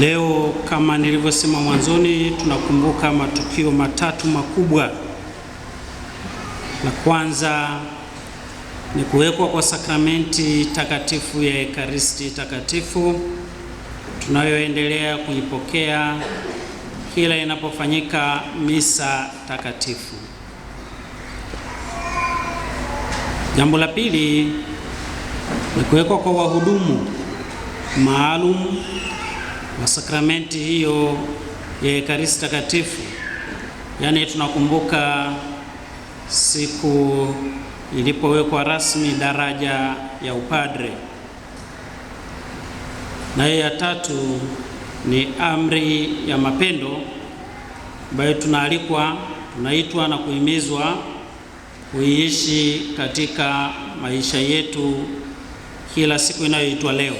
Leo kama nilivyosema mwanzoni, tunakumbuka matukio matatu makubwa. La kwanza ni kuwekwa kwa sakramenti takatifu ya Ekaristi Takatifu tunayoendelea kuipokea kila inapofanyika misa takatifu. Jambo la pili ni kuwekwa kwa wahudumu maalum na sakramenti hiyo ya Ekaristi Takatifu, yaani tunakumbuka siku ilipowekwa rasmi daraja ya upadre. Na hiyo ya tatu ni amri ya mapendo ambayo tunaalikwa, tunaitwa na kuhimizwa kuiishi katika maisha yetu kila siku inayoitwa leo.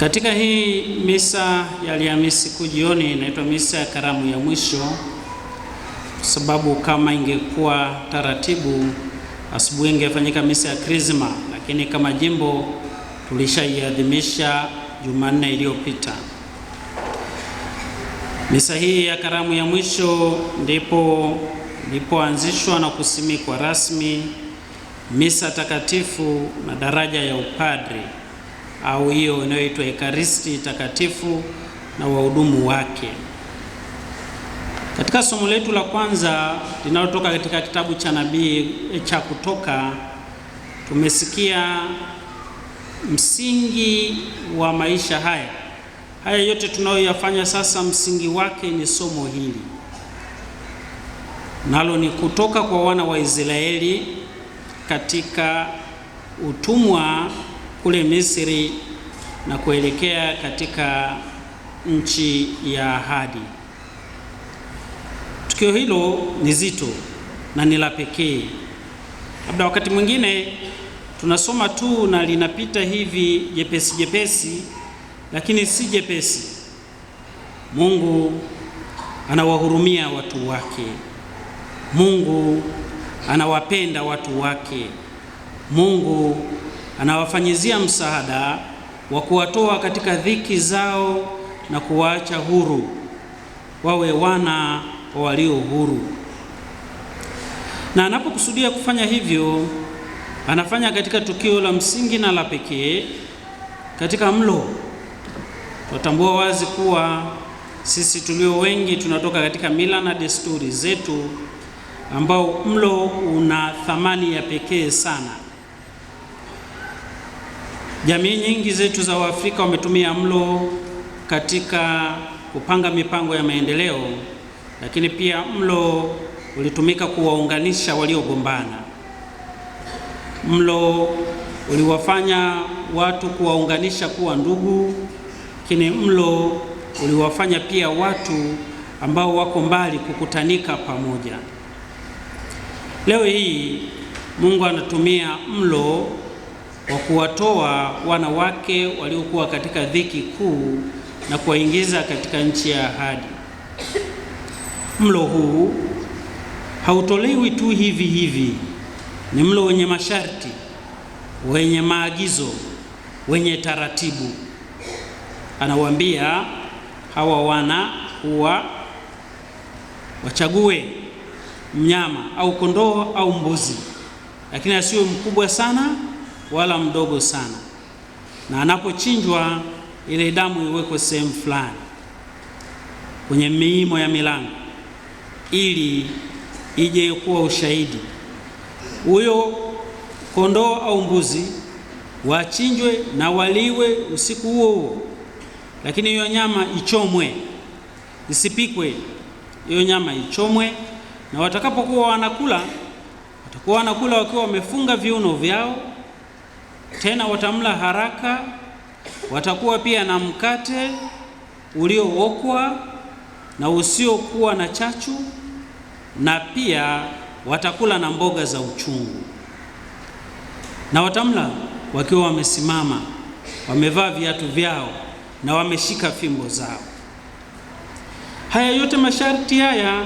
Katika hii misa ya Alhamisi kuu jioni inaitwa misa ya karamu ya mwisho, kwa sababu kama ingekuwa taratibu asubuhi ingefanyika misa ya krisma, lakini kama jimbo tulishaiadhimisha Jumanne iliyopita. Misa hii ya karamu ya mwisho ndipo ilipoanzishwa na kusimikwa rasmi misa takatifu na daraja ya upadre au hiyo inayoitwa Ekaristi Takatifu na wahudumu wake. Katika somo letu la kwanza linalotoka katika kitabu cha nabii eh, cha Kutoka, tumesikia msingi wa maisha haya. Haya yote tunayoyafanya sasa, msingi wake ni somo hili, nalo ni kutoka kwa wana wa Israeli katika utumwa kule Misri na kuelekea katika nchi ya ahadi. Tukio hilo ni zito na ni la pekee. Labda wakati mwingine tunasoma tu na linapita hivi jepesi jepesi, lakini si jepesi. Mungu anawahurumia watu wake. Mungu anawapenda watu wake. Mungu anawafanyizia msaada wa kuwatoa katika dhiki zao na kuwaacha huru wawe wana wa walio huru. Na anapokusudia kufanya hivyo, anafanya katika tukio la msingi na la pekee katika mlo. Tutambua wazi kuwa sisi tulio wengi tunatoka katika mila na desturi zetu, ambao mlo una thamani ya pekee sana. Jamii nyingi zetu za Waafrika wametumia mlo katika kupanga mipango ya maendeleo, lakini pia mlo ulitumika kuwaunganisha waliogombana. Mlo uliwafanya watu kuwaunganisha kuwa ndugu, lakini mlo uliwafanya pia watu ambao wako mbali kukutanika pamoja. Leo hii Mungu anatumia mlo wa kuwatoa wanawake waliokuwa katika dhiki kuu na kuwaingiza katika nchi ya ahadi. Mlo huu hautolewi tu hivi hivi, ni mlo wenye masharti, wenye maagizo, wenye taratibu. Anawaambia hawa wana kuwa wachague mnyama au kondoo au mbuzi, lakini asiwe mkubwa sana wala mdogo sana, na anapochinjwa ile damu iwekwe sehemu fulani kwenye miimo ya milango, ili ije kuwa ushahidi. Huyo kondoo au mbuzi wachinjwe na waliwe usiku huo huo, lakini hiyo nyama ichomwe, isipikwe. Hiyo nyama ichomwe, na watakapokuwa wanakula watakuwa wanakula wakiwa wamefunga viuno vyao tena watamla haraka, watakuwa pia na mkate uliookwa na usiokuwa na chachu, na pia watakula na mboga za uchungu, na watamla wakiwa wamesimama, wamevaa viatu vyao na wameshika fimbo zao. Haya yote masharti haya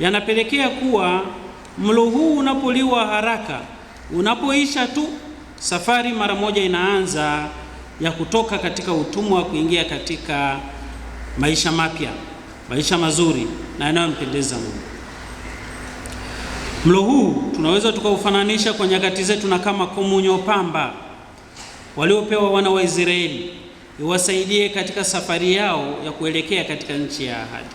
yanapelekea kuwa mlo huu unapoliwa haraka, unapoisha tu Safari mara moja inaanza ya kutoka katika utumwa wa kuingia katika maisha mapya, maisha mazuri na yanayompendeza Mungu. Mlo huu tunaweza tukaufananisha kwa nyakati zetu na kama komunyo pamba waliopewa wana wa Israeli iwasaidie katika safari yao ya kuelekea katika nchi ya ahadi.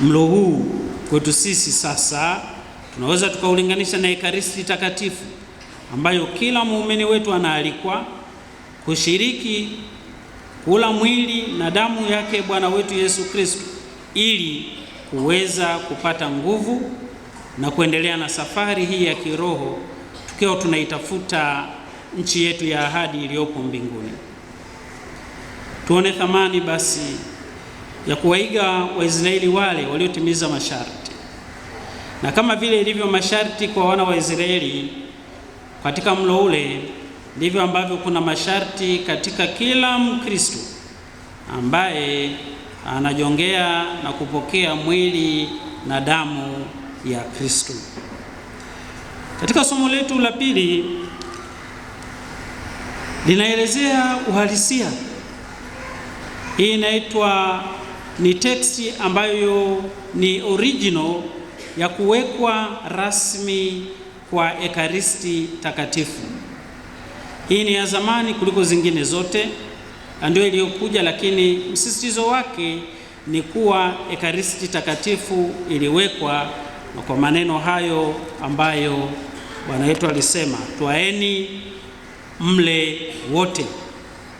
Mlo huu kwetu sisi sasa tunaweza tukaulinganisha na Ekaristi takatifu ambayo kila muumini wetu anaalikwa kushiriki kula mwili na damu yake Bwana wetu Yesu Kristo ili kuweza kupata nguvu na kuendelea na safari hii ya kiroho tukiwa tunaitafuta nchi yetu ya ahadi iliyopo mbinguni. Tuone thamani basi ya kuwaiga Waisraeli wale waliotimiza masharti, na kama vile ilivyo masharti kwa wana wa Israeli katika mlo ule, ndivyo ambavyo kuna masharti katika kila Mkristo ambaye anajongea na kupokea mwili na damu ya Kristo. Katika somo letu la pili linaelezea uhalisia. Hii inaitwa ni teksti ambayo ni original ya kuwekwa rasmi kwa Ekaristi Takatifu. Hii ni ya zamani kuliko zingine zote, ndio iliyokuja, lakini msisitizo wake ni kuwa Ekaristi Takatifu iliwekwa kwa maneno hayo ambayo Bwana wetu alisema, twaeni mle wote,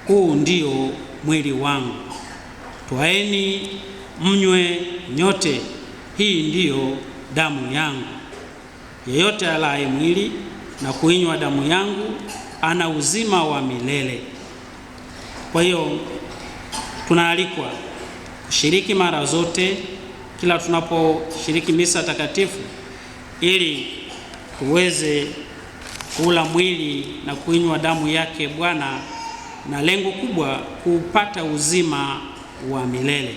huu ndio mwili wangu. Twaeni mnywe nyote, hii ndiyo damu yangu yeyote alaye mwili na kuinywa damu yangu ana uzima wa milele. Kwa hiyo tunaalikwa kushiriki mara zote kila tunaposhiriki misa takatifu ili tuweze kula mwili na kuinywa damu yake Bwana, na lengo kubwa kuupata uzima wa milele.